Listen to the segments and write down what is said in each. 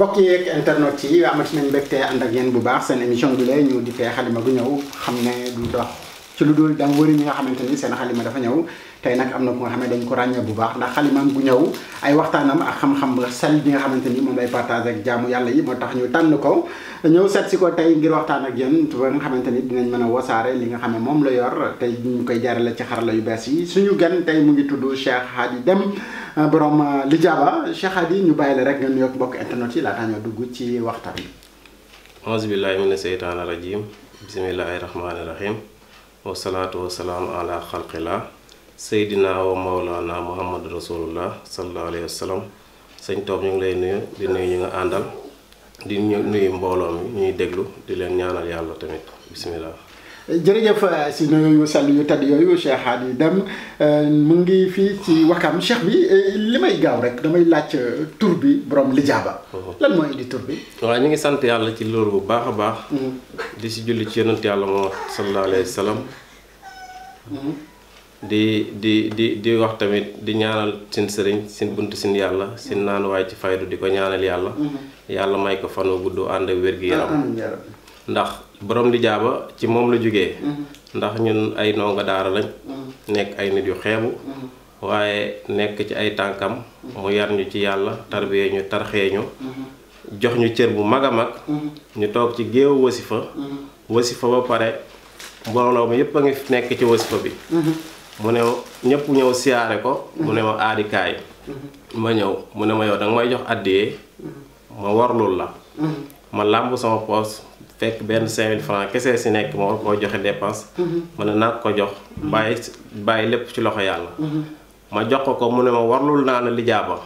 mbokk yeeg internet yi amati nañ mbégte ànd ak yéen bu baax seen émission bi lay ñu di fee xalima gu ñëw xam ne du dox ci lu dul dam wëri ñi nga xamante ni seen xalima dafa ñëw tey nag am na ku nga xam ne dañ ko ràññee bu baax ndax xalimaam bu ñëw ay waxtaanam ak xam-xam sell bi nga xamante ni moom lay partage ak jaamu yàlla yi moo tax ñu tànn ko ñëw seet si ko tey ngir waxtaan ak yéen ba nga xamante ni dinañ mën a wasaare li nga xam ne moom la yor tey ñu koy jaarale ci xarala yu bees yi suñu gan tey mu ngi tudd Cheikh Hady Deme borom Lijaaba Cheikh yi ñu bàyyi la rek nga nuyoog mbokk internet yi laataa ñoo dugg ci waxtaan bi. auzu billaahi mina seytaani rajiim bismillaahi rahmaani rahiim wasalaatu wasalaam ala xalqilaa seydina wa mawlana muhammad rasulullah sallallahu alayhi wa sallam sëñ toog ñu ngi lay nuyu di nuyu ñu nga àndal di nuyu mbooloo mi ñuy déglu di leen ñaanal yàlla tamit bisimilah. jërëjëf euh, si nuyoo sàll yu tedd yooyu Cheikh Hadi Deme euh, mu ngi fii ci Wakam Cheikh bi euh, li may gaaw rek damay laaj tur bi borom lijaaba oh. lan moo indi tur bi. waaw ñu ngi sant yàlla ci loolu bu baax a baax. Mm-hmm. di si julli ci yonent yàlla moo sallallahu alayhi wa sallam. Mm-hmm. di di di wax tamit di ñaanal seen sëriñ seen bunt seen yàlla seen naan waaye ci faydu di ko ñaanal yàlla. Mm-hmm. yàlla may ko fan wu gudd ànd ak wér-gi-yaram. ndax. borom li jaaba ci moom la jóge mm-hmm. ndax ñun ay ndongo daara lañ mm-hmm. nekk ay nit yu xeebu mm-hmm. waaye nekk ci ay tànkam mu yar ñu ci yàlla tarbiyee ñu tarxee ñu jox ñu cër bu mag a mag ñu toog ci géew wasifa wasifa ba pare mbooloo mi yépp a ngi nekk ci wasifa bi mu ne ñëpp ñëw siyaare ko mu ne ma aadikaay ma ñëw mu ne ma yow danga may jox àddiyee ma warlul la ma làmb sama poos fekk benn cinq mille francs kese si nekk moo war koo joxe dépense mën mhm. na naa ko jox mhm. bàyyi bàyyi lépp ci loxo yàlla mhm. ma jox ko ko mu ne ma warlul naa na lijaaba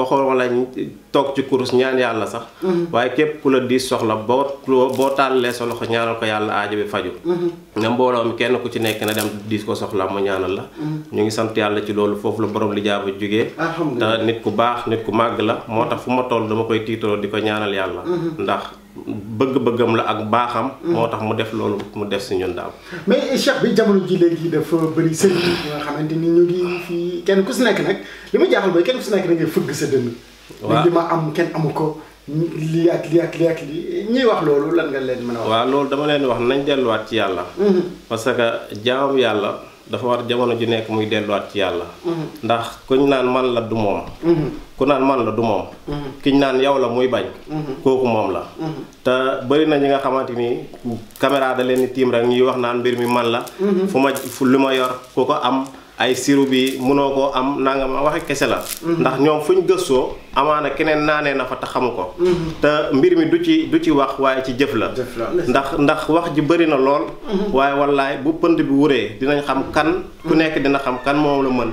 waxoon ma la toog ci kurus ñaan yàlla sax waaye képp ku la diis soxla boo boo tàllee sa loxo ñaanal ko yàlla aajo bi faju na mbooloo mi kenn ku ci nekk na dem diis ko soxla mu ñaanal la ñu ngi sant yàlla ci loolu foofu la borom lijaaba jógee te nit ku baax nit ku màgg la moo tax fu ma toll dama koy tiitaloo di ko ñaanal yàlla bëgg-bëggam la ak baaxam. moo tax mu def loolu mu def si ñun daal. mais cheikh bi jamono ji léegi dafa bëri sëriñ yi xamante ni ñu ngi fii kenn ku si nekk nag li ma jaaxal mooy kenn ku si nekk da ngay fëgg sa dënn. waaw li ma am kenn amu ko lii ak lii ak lii ak lii ñuy wax loolu lan nga leen mën a wax. waaw loolu dama leen wax nañ delluwaat ci yàlla. Mm-hmm. parce que jaamu yàlla. dafa war jamono ji nekk muy delluwaat ci yàlla mhm. ndax kuñ naan man la du moom mhm. ku naan man la du moom mhm. ki naan yow la muy bañ kooku moom la te bëri na ñi nga xamante ni caméra da leen ni tiim rek ñuy wax naan mbir mi man la fu ma li ma yor ku ko am ay siru bi mënoo koo am nanga ma waxe kese la mhm. ndax ñoom fu ñu gëstoo amaana keneen naanee na fa te xamu ko mhm. te mbir mi du ci du ci wax waaye ci jëf la ndax ndax wax ji bëri na lool mhm. waaye wallaay bu pënd bi wuree dinañ xam kan ku nekk dina xam kan moom la mën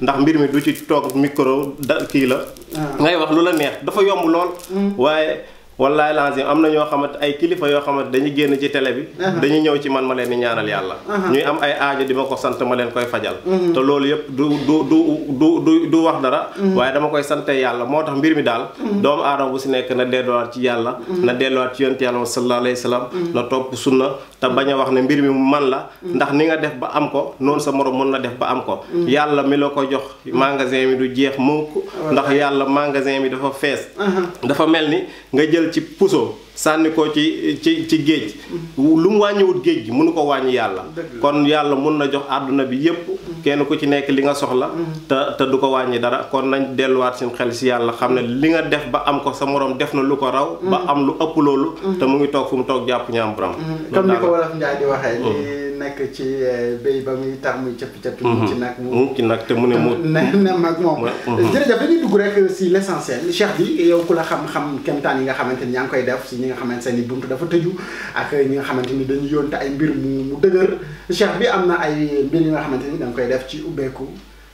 ndax mbir mi du ci toog micro da kii la ah. ngay wax lu la neex dafa yomb lool waaye wallaay langi am na ñoo xamante ay kilifa yoo xamante dañu génn ci tele bi dañu ñëw ci man ma leen di ñaanal yàlla ñuy am ay aajo di ma ko sant ma leen koy fajal mhm. te loolu yëpp du du du du du du wax dara mhm. waaye dama koy sante yàlla moo tax mbir mi daal mhm. doomu aadama bu si nekk na delluwaat ci yàlla na delluwaat ci yonent yàlla sallallahu alayhi wa sallam na topp sunna te bañ a wax ne mbir mi man la mm. ndax ni nga def ba am ko noonu sa morom mën na def ba am ko mm. yàlla mi la ko jox mm. magasin mi du jeex mukk ndax yàlla magasin mi dafa fees uh-huh. dafa mel ni nga jël ci puso sànni ko ci ci ci géej lu mu wàññiwut géej gi munu ko wàññi yàlla kon yàlla mun na jox àdduna bi yépp mm-hmm. kenn ku ci nekk li nga soxla mm-hmm. te te du ko wàññi dara kon nañ delluwaat seen xel si yàlla xam ne li nga def ba am ko sa moroom def na lu ko raw ba mm-hmm. am lu ëpp loolu te mu ngi toog fu mu toog jàpp ñaam borom comme ni nekk ci eh, béy ba muy tax muy cëpp cëpp. mu mhm. ci nag mu ci nag te mu ne mu. ne mag moom. Mhm. jërëjëf dañuy dugg rek euh, si l' essentiel Cheikh yow ku la xam-xam kemtaan yi nga xamante ni yaa ngi koy def si ñi nga xamante ni buntu dafa tëju ak ñi nga xamante ni dañuy yónte ay mbir mu mu dëgër Cheikh bi am na ay mbir yi nga xamante ni da koy def ci ubbeeku.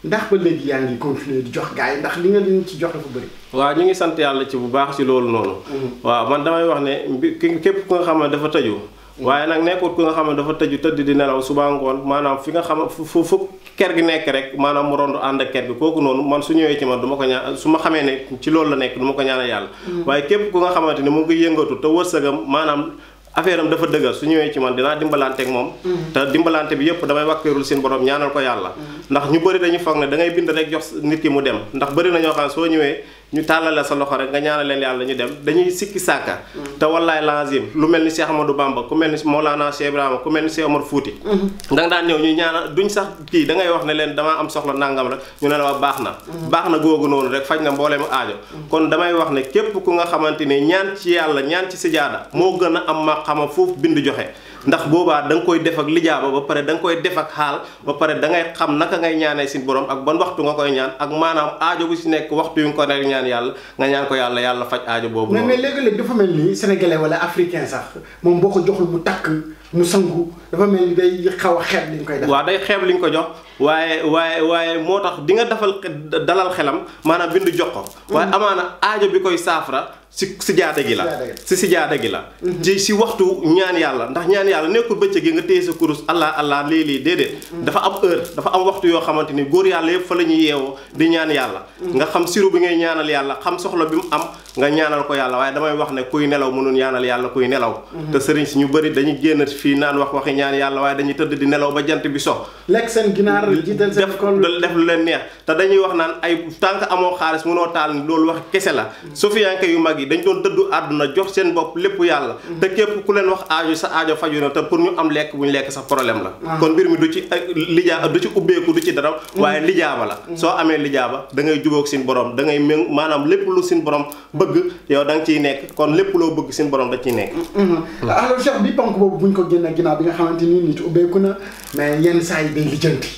ndax ba léegi yaa ngi continuer di jox gars ndax li nga leen ci jox dafa bëri. waa ñu ngi sant yàlla ci bu baax ci loolu noonu. Mhm. waaw man damay wax ne mbi képp ku nga xam ne dafa tëju. waaye nag nekkut ku nga xam ne dafa tëju tëdd di nelaw suba ngoon maanaam fi nga xam fu fu ker gi nekk rek maanaam mu rond ànd ak ker gi kooku noonu man su ñëwee ci man duma ko ñaan su ma xamee ne ci loolu la nekk du ma ko ñaanal yàlla mm. waaye képp ku nga xamante ni mu ngi yëngatu te wërsëgam maanaam affaire am dafa dëgër su ñëwee ci man dinaa dimbalante ak moom mm. te dimbalante bi yëpp damay wàkkeerul seen borom ñaanal ko yàlla mm. ndax ñu bëri dañu foog na da ngay bind rek jox nit ki mu dem ndax bëri na ñoo xam ne soo ñëwee ñu tàllale sa loxo rek nga ñaana leen yàlla ñu dem dañuy sikki sàkka mm. te wallaay lazim lu mel ni Cheikh Amadou Bamba ku mel ni Mawlana Cheikh Ibrahima ku mel ni Cheikh Omar Fouti mm-hmm. da nga daan ñëw ñu ñaana duñ sax kii da ngay wax ne leen damaa am soxla nangam rek ñu ne la wax baax na mm-hmm. baax na googu noonu rek faj na mbooleemu aajo mm-hmm. kon damay wax ne képp ku nga xamante ne ñaan ci yàlla ñaan ci sijaada moo gën a am ma xama foofu bind joxe ndax boobaa da nga koy def ak lijaaba ba pare da koy def ak xaal ba pare da ngay xam nag naka ngay ñaane si borom ak ban waxtu nga koy ñaan ak maanaam ajo bu si nekk waxtu yu nga ko nek ñaan yàlla nga ñaan ko yàlla yàlla faj aajo boobu mais mais léegi-léegi wala africain sax moom boo ko joxul mu takk mu sangu dafa mel ni day xaw a xeeb li nga koy def waaw day xeeb li nga ko jox waaye waaye waaye moo tax di nga defal dalal xelam maanaam bind jox ko waaye mm-hmm. amaana aajo bi koy saafara si si jaata gi la si si jaata gi la mm-hmm. ci si waxtu ñaan yàlla ndax ñaan yàlla nekkul bëccëg gi nga téye sa kurus allah allah lii lii déedéet mm-hmm. dafa am heure dafa am waxtu yoo xamante ni góor yàlla yëpp la ñuy yeewoo di ñaan yàlla nga xam siru bi ngay ñaanal yàlla xam soxla bi mu am nga ñaanal ko yàlla waaye damay wax ne kuy nelaw mënul ñaanal yàlla kuy nelaw te sëriñ si ñu bëri dañuy génn fii naan wax waxi ñaan yàlla waaye dañuy tëdd di nelaw ba jant bi so lekk seen ginaar lu jiital seen kon def lu leen neex te dañuy wax naan ay tànk amoo xaalis mënoo taal loolu wax kese la mm. sufiyanke yu mag yi dañ doon dëddu àdduna jox seen bopp lépp yàlla mm. te képp ku leen wax aajo sa aajo faju na te pour ñu am lekk bu lekk sax problème la ah. kon mbir mi du ci lijaa du ci ubbeeku du ci dara mm. waaye lijaaba la soo amee lijaaba da ngay jubóog seen borom da ngay méng maanaam lépp lu seen borom bëgg yow da nga ciy nekk kon lépp loo bëgg seen borom da ciy nekk mm-hmm. alors chef bi ponk boobu buñ ko génne ginnaaw bi nga xamante ni nit ubbeeku na mais yenn saa yi day lijjanti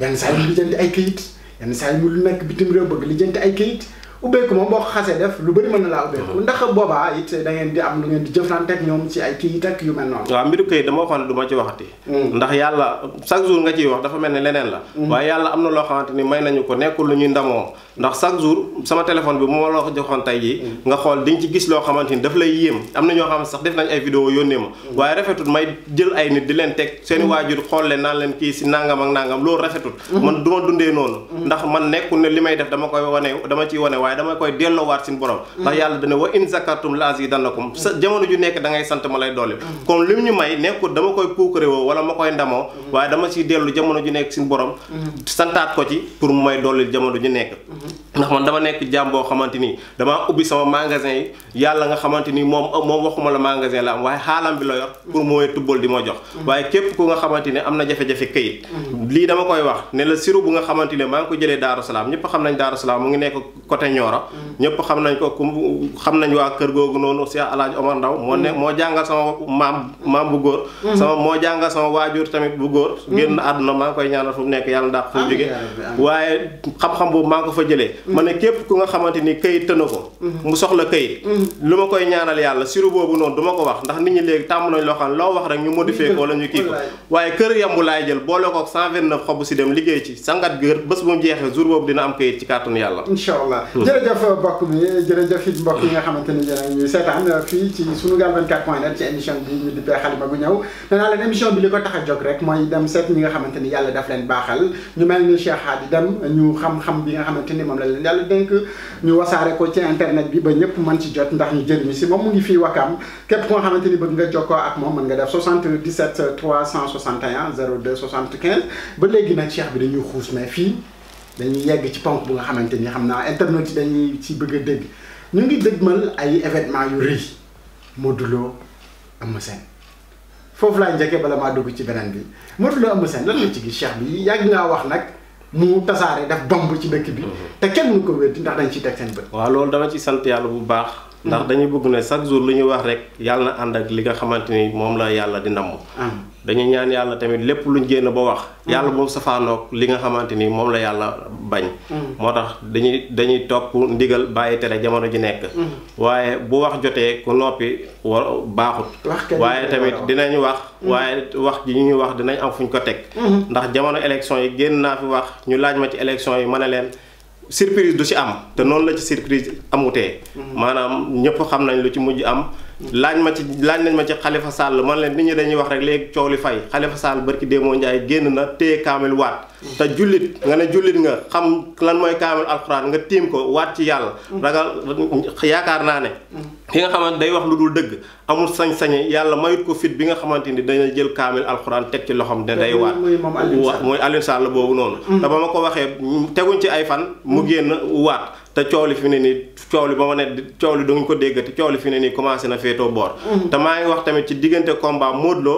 yenn saa yi mu lijjanti ay kayit yenn saa yi mu nekk bitim réew bëgg lijjanti ay kayit ubbeeku moom boo ko xasee def lu bëri mën na laa ubbeeku ndax boobaa it da ngeen di am lu ngeen di jëflante ak ñoom ci ay kii yu mel noonu waaw mbiru këyit dama waxoon ne ci waxati hmm. ndax yàlla chaque jour nga ciy wax dafa mel ne leneen la hmm. waaye yàlla am na loo xamante ni may nañu ko nekkul lu ñuy ndamoo ndax chaque jour sama téléphone bi bu ma la ko joxoon tey jii hmm. nga xool di ci gis loo xamante ni daf lay yéem am na ñoo xam sax def nañ ay vidéo yónnee ma waaye rafetul may jël ay nit di leen teg seeni waajur xool leen naan leen kii si nangam ak nangam loolu rafetul man du ma dundee noonu ndax man ne li may def dama koy waaye dama koy delloowaat suñu borom ndax yàlla dana wa in zakartum la azidannakum sa jamono ju nekk da ngay sant ma lay dolli kon lim ñu may nekkul dama koy puukare woo wala ma koy ndamoo waaye dama ciy dellu jamono ju nekk suñu borom mm-hmm. santaat ko ci pour mu may dolli jamono ju nekk ndax man dama nekk jàmm boo xamante ni damaa ubbi sama magasin yàlla nga xamante ni moom moom waxuma la magasin la waaye xaalam bi la yor pour mooy tubbal di ma jox mm-hmm. waaye képp ku nga ne am na jafe-jafe mm-hmm. lii dama koy wax ne la siru bu nga xamante ne maa ngi ko jëlee Daaru Salaam ñëpp xam nañ Daaru Salaam mu ngi nekk côté Nioro mm-hmm. ñëpp xam nañ ko ku xam nañ waa kër googu noonu si Alaaji Omar Ndaw moo ne moo jàngal maam maam bu góor sama moo jàngal sama waajur tamit bu góor génn àdduna maa ngi koy ñaanal fu nekk yàlla ndax fu jóge waaye xam-xam boobu maa ngi ko fa jëlee ma ne képp ku nga xamante ni kayit tëna ko mu soxla kayit lu ma koy ñaanal yàlla siru boobu noonu du ko wax ndax nit ñi léegi tàmm nañ loo xam loo wax rek ñu modifié ko wala yi ni yéen ñuy seetaan fii ci sunugal 24 point net ci émission bi ñu dippee xalima gu ñëw nee a jóg dem ni yàlla daf ñu ni Cheikh xam-xam bi nga xamante moom la leen yàlla ñu wasaare ko ci internet bi ba ñëpp mën ci jot ndax ñu jëriñu si moom mu ngi fii wakaam képp ko nga xamante ni bëgg nga jokkoo ak moom mën nga def 77 361 02 75 ba léegi nag cheikh bi dañuy xuus mais fii dañuy yegg ci ponk bu nga xamante ni xam naa internet yi dañuy ci bëgg a dégg ñu ngi dëgmal ay événement yu rëy Modou Lo Eumeu Sène foofu laay njëkkee bala maa dugg ci beneen bi Modou Lo Eumeu Sène lan la ci gis cheikh bi yàgg ngaa wax nag mu tasaare def bomb ci dëkk bi. Mhm. te kenn mënu ko wéddi ndax dañ ci teg seen bët. waaw loolu dama ci sant yàlla bu baax. ndax dañuy bëgg na chaque jour lu ñuy wax rek yàlla na ànd ak li nga xamante ni moom la yàlla di namm. dañuy ñaan yàlla tamit lépp luñ génn ba wax. yàlla moom safaanoog li nga xamante ni moom la yàlla bañ. moo tax dañuy dañuy topp ndigal bàyyi tere jamono ji nekk. waaye bu wax jotee ku noppi war baaxut. waaye tamit dinañ wax. waaye wax ji ñu wax dinañ am fu ñu ko teg. ndax jamono élection yi génn naa fi wax ñu laaj ma ci élection yi ma ne leen. surprise du ci am te noonu la ci surprise amutee. maanaam ñëpp xam nañ lu ci mujj am. laaj ma ci laaj nañ ma ci xalifa Sall man leen nit ñi dañuy wax rek léegi coow li fay Khalifa Sall barki Démo Ndiaye génn na te kaamil waat. te jullit nga ne jullit nga xam lan mooy kaamil alxuraan nga tiim ko waat ci yàlla. ragal yaakaar naa ne. ki nga xamante day wax lu dul dëgg amul sañ-sañe yàlla mayut ko fit bi nga xamante ni dana jël kaamil alxuraan teg ci loxoom ne day waat waat mooy Alioune la boobu noonu mm. te ma ko waxee teguñ ci ay fan mu mm. génn waat te coow li fi ne nii coow li ba ma ne coow li duñ ko déggati coow li fi ne nii commencé na féetoo boor mm. te maa wax tamit ci diggante combat Modou Lo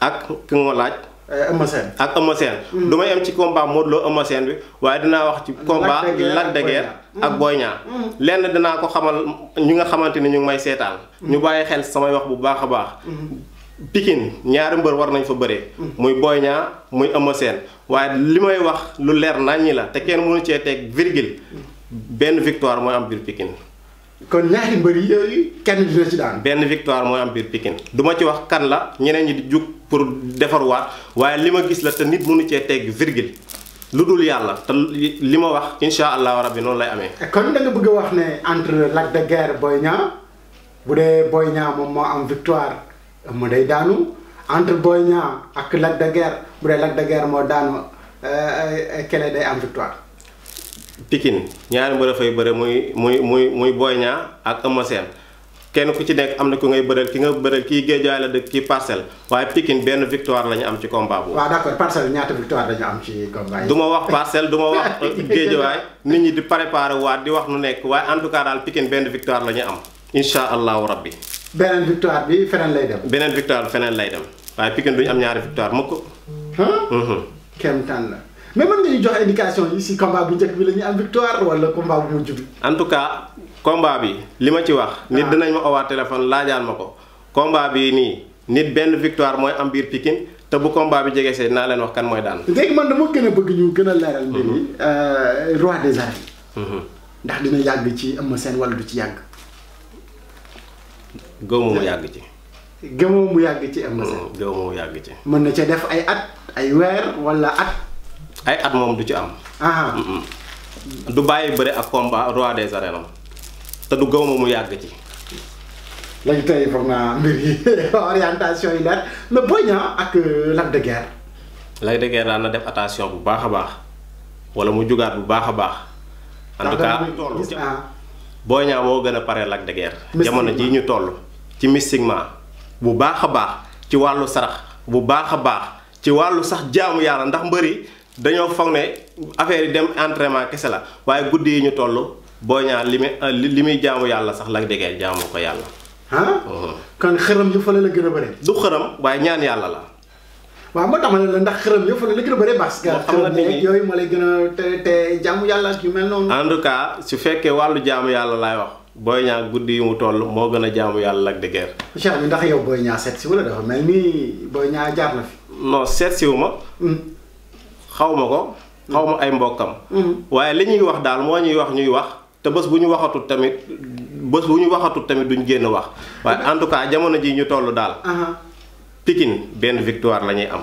ak ki nga laaj Euh, Eumeu Sène ak Eumeu Sène hmm. du am ci combat Modou Lo bi waaye dinaa wax ci combat Lac de Guiers ak hmm. Boy Niang hmm. lenn dinaa ko xamal ñi nga xamante ni ñu ngi may seetaan ñu bàyyi xel samay wax bu baax a baax Pikine ñaari mbër war nañ fa bëree muy Boy Niang muy Eumeu waaye li may wax lu leer nàññi ñi la te kenn mënu cee teg virgule benn victoire mooy am biir Pikine kon ñaari mbër yooyu kenn dina ci daan. benn victoire mooy am biir Pikine du ci wax kan la ñeneen ñi di jug pour defarwaat waaye li ma gis la te nit mënu cee tegg virgule lu dul yàlla te li ma wax incha allahu rabbi noonu lay amee. kon da nga bëgg a wax ne entre Lac de Guiers Boy Niang bu dee Boy Niang moom moo am victoire mu day daanu entre Boy Niang ak Lac de bu dee Lac de Guiers moo daanu kele euh, euh, day am victoire. Pikine ñaari mbër a fay bëre muy muy muy muy Boy ak Eumeu Sène kenn ku ci nekk am na ku ngay bëreel ki nga bëreel kii Guédiawaye la dëkk kii Parcelles waaye pikin benn victoire la ñu am ci combat boobu. waaw ñaata victoire la am ci combat yi. du ma wax Parcelles du wax Guédiawaye nit ñi di préparer waat di wax nu nekk waaye en tout cas daal Pikine benn victoire la ñu am incha allahu rabbi. beneen victoire bi feneen lay beneen victoire bi feneen lay dem waaye Pikine du am ñaari victoire mukk. Mhm. kéemtaan la. mais mën nga ñu jox indication yi si combat bu njëkk bi la am victoire wala combat bu mujj bi. en tout cas combat bi li ma ci wax. nit ah. dinañ ma owaa téléphone laajaan ma ko. combat bi nii nit benn victoire mooy am biir pikin te bu combat bi jege see naa leen wax kan mooy daan. léegi man dama gën a bëgg ñu gën a leeral. mbir yi mhm. euh, roi des arènes. Mhm. ndax dina yàgg ci am seen wala du ci yàgg. gëmoo mu yàgg ci. gëmoo mu yàgg ci Eumeu Sène. Mhm, gëmoo mu yàgg ci. mën na ca def ay at ay weer wala at. ay at moom du ci am. Ah. du bàyyi bëre ak combat roi des arènes te du gëw ma mu yàgg ci. léegi tey foog mbir yi orientation yi leer mais Boy Niang ak euh, Lac de daan na def attention bu baax a baax wala mu jugaat bu baax a baax. en tout cas Boy Niang moo gën a pare Lac de jamono jii ñu toll ci mystiquement bu baax a baax ci wàllu sarax bu baax a baax ci wàllu sax jaamu yàlla ndax mbëri dañoo foog ne affaire yi dem entraînement kese la waaye guddi yi ñu toll Boy Niang li muy euh, li muy jaamu yàlla sax Lac de Guiers jaamu ko yàlla. ah. kon xërëm yu la gën a bëri. du xërëm waaye ñaan yàlla la. waaw moo tax la ndax xërëm yëpp la gën a bëri parce que xërëm ma lay gën a te te yàlla yu mel noonu. en tout su fekkee wàllu jaamu yàlla laay wax Boy Niang guddi yu mu toll moo gën a jaamu yàlla Lac de Guiers. Cheikh ndax yow Boy Niang seet si mel ni Boy Niang jaar na fi. non seet wu ma. Hmm. xaw ma ko xaw ma ay mbokkam mm-hmm. waaye li ñuy wax daal moo ñuy wax ñuy wax te bës bu ñu waxatul tamit bës bu ñu waxatul tamit duñ génn wax waaye en tout cas jamono ji ñu toll daal Pikine benn victoire la ñuy am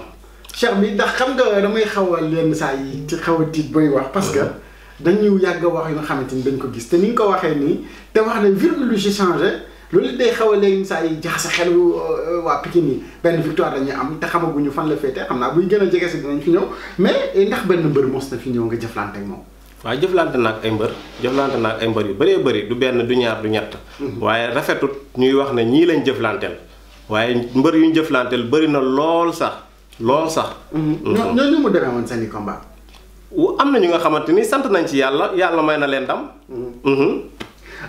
cheikh bi ndax xam nga damay xaw a lenn saa yi ci xaw a tiit booy wax parce que mm-hmm. dañu yàgg wax yu nga xamante ni dañ ko gis te ni nga ko waxee nii te wax ne virgule lu ci changé loolu day xaw a léegi saa yi jaxase xelu euh, waa Pikine yi benn victoire dañuy am te xamaguñu fan la féetee xam naa buñ gën a jege si dinañ fi ñëw mais eh, ndax benn mbër mos na fi ñëw nga jëflante ak moom. waaw jëflante naag ay mbër jëflante naag ay mbër yu bëree bëri du benn du ñaar du ñett. Mm-hmm. waaye rafetut ñuy wax ne ñii lañ jëflanteel waaye mbër yu ñu jëflanteel bëri na lool sax lool sax. Mm-hmm. Mm-hmm. ñoo ñoo mu demee woon seen i am na ñu nga xamante ni sant nañ ci yàlla yàlla may na leen ndam.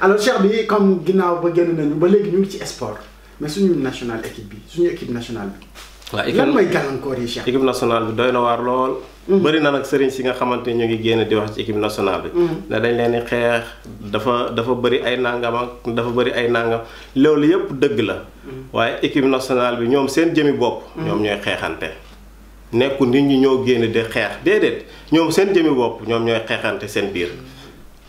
alors Cheikh bi comme ginnaaw ba génn nañu ba léegi ñu ngi ci sport mais suñu national équipe bi suñu équipe nationale bi. waaw équipe lan mooy gàllankoor yi Cheikh. bi doy na waar lool. Hmm. bëri na nag sëriñ si nga xamante ne ñu ngi génn di wax ci équipe national bi. Hmm. ne dañ leen di xeex dafa dafa bëri ay nangam ak dafa bëri ay nangam loolu yëpp dëgg la. Hmm. waaye équipe national bi ñoom seen jëmi bopp. ñoom ñooy xeexante. nekku nit ñi ñoo génn di xeex déedéet ñoom seen jëmi bopp ñoom ñooy xeexante seen biir.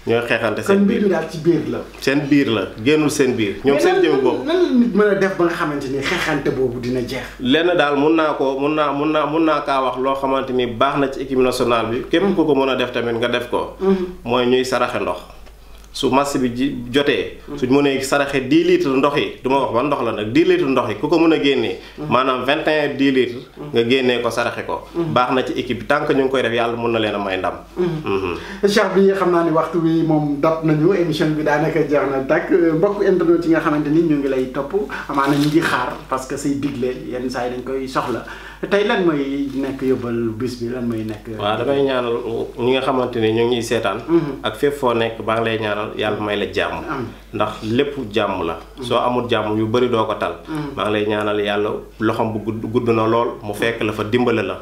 ñooy xeexante seen biir kon mbir seen biir la génnul seen biir. ñoom seen jëm boobu nan la xamante ni xeexante boobu dina jeex. lenn daal mun naa ko mun naa mun naa mun naa kaa wax loo xamante ni baax na ci équipe nationale bi képp ku ko mën a def tamit nga def ko. Mm-hmm. mooy ñuy saraxe ndox. su marché bi ji jotee. Mm-hmm. suñ mënee saraxe 10 litres ndox yi du ma wax ban ndox la nag 10 litres ndox yi ku ko mën a génnee. Mm-hmm. maanaam 21 10 litres. Mm-hmm. nga génnee ko saraxe ko. baax na ci équipe bi tant que ñu ngi koy def yàlla mun na leen a may ndam. Cheikh bi xam naa ni waxtu bi moom dab nañu émission bi daanaka jeex na tàkk mbokk internet yi nga xamante ni ñu ngi lay topp amaana ñu ngi xaar parce que say digle yenn saa yi dañ koy soxla. tey lan mooy nekk yóbbal bis bi lan mooy nekk. waaw damay ñaanal ñi nga xamante ne ñu ngiy seetaan. Mhm. ak fépp foo nekk baa ngi lay ñaanal yàlla may la jàmm. ndax lépp jàmm la. Mhm. soo amul jàmm yu bëri doo ko tal. Mhm. maa ngi lay ñaanal yàlla loxom bu gudd gudd na lool mu fekk la fa dimbale la.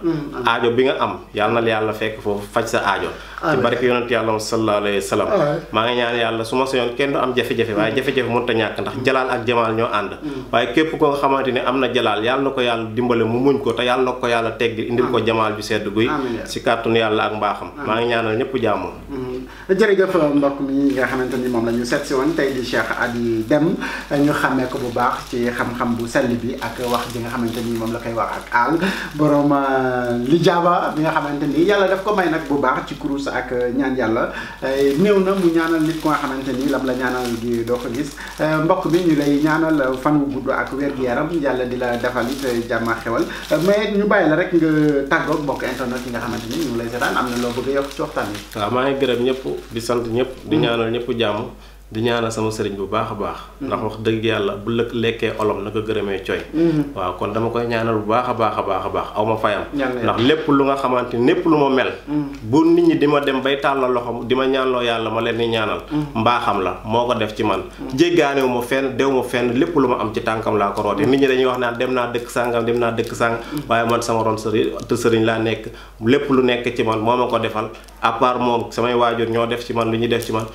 aajo bi nga am yàlla na yàlla fekk foofu faj sa aajo. ci barke yonent yàlla sallallahu alayhi wa sallam maa ngi ñaan yàlla su ma soñoon kenn du am jafe-jafe waaye jafe-jafe mënut a ñàkk ndax jalaal ak jamaal ñoo ànd mm. waaye képp ko nga xamante ne am na jalaal yàlla na ko yàlla dimbale mu muñ ko te yàlla na ko yàlla teggil indil ko jamaal bi sedd guy si kàttun yàlla ak mbaaxam maa ngi ñaanal ñëpp jàmm mm. jërëjëf mbokk mi nga xamante ni moom la ñu seet si woon tey di Cheikh Adi Deme ñu xàmmee ko bu baax ci xam-xam bu sell bi ak wax ji nga xamante ni moom la koy wax ak àll borom euh, li jaaba bi nga xamante ni yàlla daf ko may nag bu baax ci kurus ak ñaan yàlla euh, néew na mu ñaanal nit xamante ni lam la ñaanal gi doo ko gis euh, mbokk bi ñu lay ñaanal fan wu gudd ak wér gu yaram yàlla di la defal it jàmm ak xewal mais ñu bàyyi la rek nga tàggoog mbokk internet yi nga xamante ni ñu ngi lay seetaan am na loo bëgg yokk ci waxtaan wi di sant ñëpp di mm. ñaanal ñëpp jàmm di ñaanal sama sëriñ bu baax a baax. ndax mm-hmm. wax dëgg yàlla bu lëkk lekkee olom na ko gërëmee coy. Mm-hmm. waaw kon dama koy ñaanal bu baax a baax a baax a baax aw ma fayam. ndax lépp lu nga xamante lépp lu ma mel. Mm-hmm. bu nit ñi di ma dem bay tàllal loxo di ma ñaanloo yàlla ma leen di ñaanal. mbaaxam la moo ko def ci man. jéggaanewu ma fenn dew ma fenn lépp lu ma am ci tànkam laa ko roote nit ñi dañuy wax naan dem naa dëkk sàngam dem naa dëkk sàng waaye man sama ron sëriñ te sëriñ laa nekk lépp lu nekk ci man moo ma ko defal à part moom samay ñoo def ci man lu ñu def ci man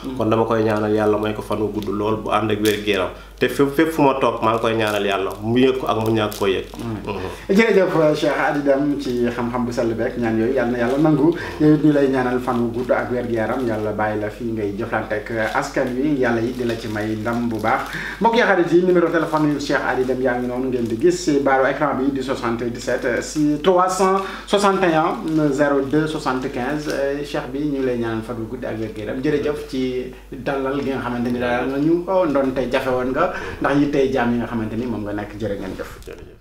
may ko fan wu gudd lool bu ànd ak wér gu te fépp fu ma toog maa ngi koy ñaanal yàlla mu yëg ko ak mu ñàkk ko yëg. Mm. Mm-hmm. jërëjëf Cheikh Adi Deme ci xam-xam bu sell beeg ñaan yooyu yàlla na yàlla nangu yow ñu lay ñaanal fan wu gudd ak wér gu yaram yàlla bàyyi la fi ngay jëflanteeg askan wi yàlla it di la ci may ndam bu baax mbokk yi xarit yi numéro téléphone yu Cheikh Adi Deme yaa ngi noonu ngeen di gis si baaru écran bi di 77 si 361 02 75 Cheikh bi ñu lay ñaanal fan wu gudd ak wér ci dalal nga xamante ni daal na ñu oh, ndonte jafe woon nga la ndax yittey jaam yi nga xamante ni moom nga nekk jërë ngeen jëf